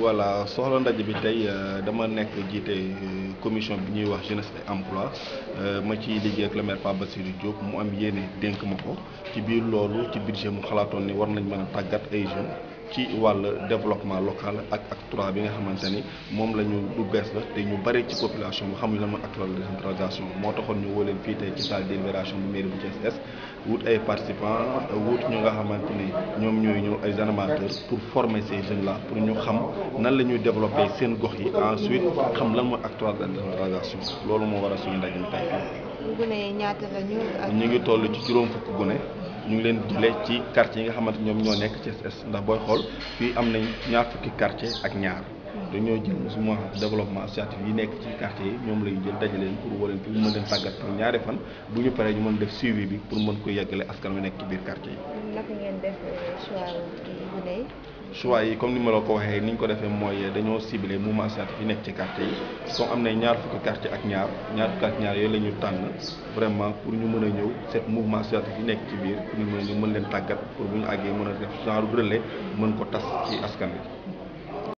voilà soxla ndaje bi tey euh, dama nekk jiite euh, commission bi ñuy wax jeunesse et emploi euh, ma ciy liggéey ak le maire Pape Bassirou mu am yéene dénk ma ko ci biir loolu ci budget mu xalaatoon ni war nañ mën a tàggat ay ci wàll développement local ak acte trois bi nga xamante ni moom la ñu lu bees la te ñu bëri ci population bi xamuñu la mooy acte trois de décentralisation moo taxoon ñu woo leen fii tey ci salle de bu mairie bu Thiès wut ay participants wut ñu nga xamante ni ñoom ñooy ñëw ay animateurs pour former ces jeunes là pour ñu xam nan la ñuy développé seen gox yi ensuite xam lan mooy acte trois de décentralisation loolu moo waral suñu ndaje mi ñu. ñu ngi toll ci juróom fukk gune ñu ngi leen dimbale ci quartier yi nga xamante ñoom ñoo nekk ci Thiès ndax booy xool fii am nañ ñaar fukki quartier ak ñaar dañoo jël mouvement développement associatif yi nekk ci quartier yi ñoom lañu jël dajale leen pour waleen pour mën leen tàggat pour ñaari fan bu ñu paree ñu mën def suivi bi pour mën ko yeggale askan wi nekk ci biir quartier yi. choix yi comme ni ma la ko waxee ni ñu ko defee mooy dañoo ciblé mouvement associatif yi nekk ci quartier yi comme am na ñaar fukki quartier ak ñaar ñaar fukki ak ñaar yooyu la ñu tànn vraiment pour ñu mën a ñëw seet mouvement associatif yi nekk ci biir pour ñu mën a ñëw mën leen tàggat pour bu ñu àggee mën a def genre relais mën ko tas ci askan wi.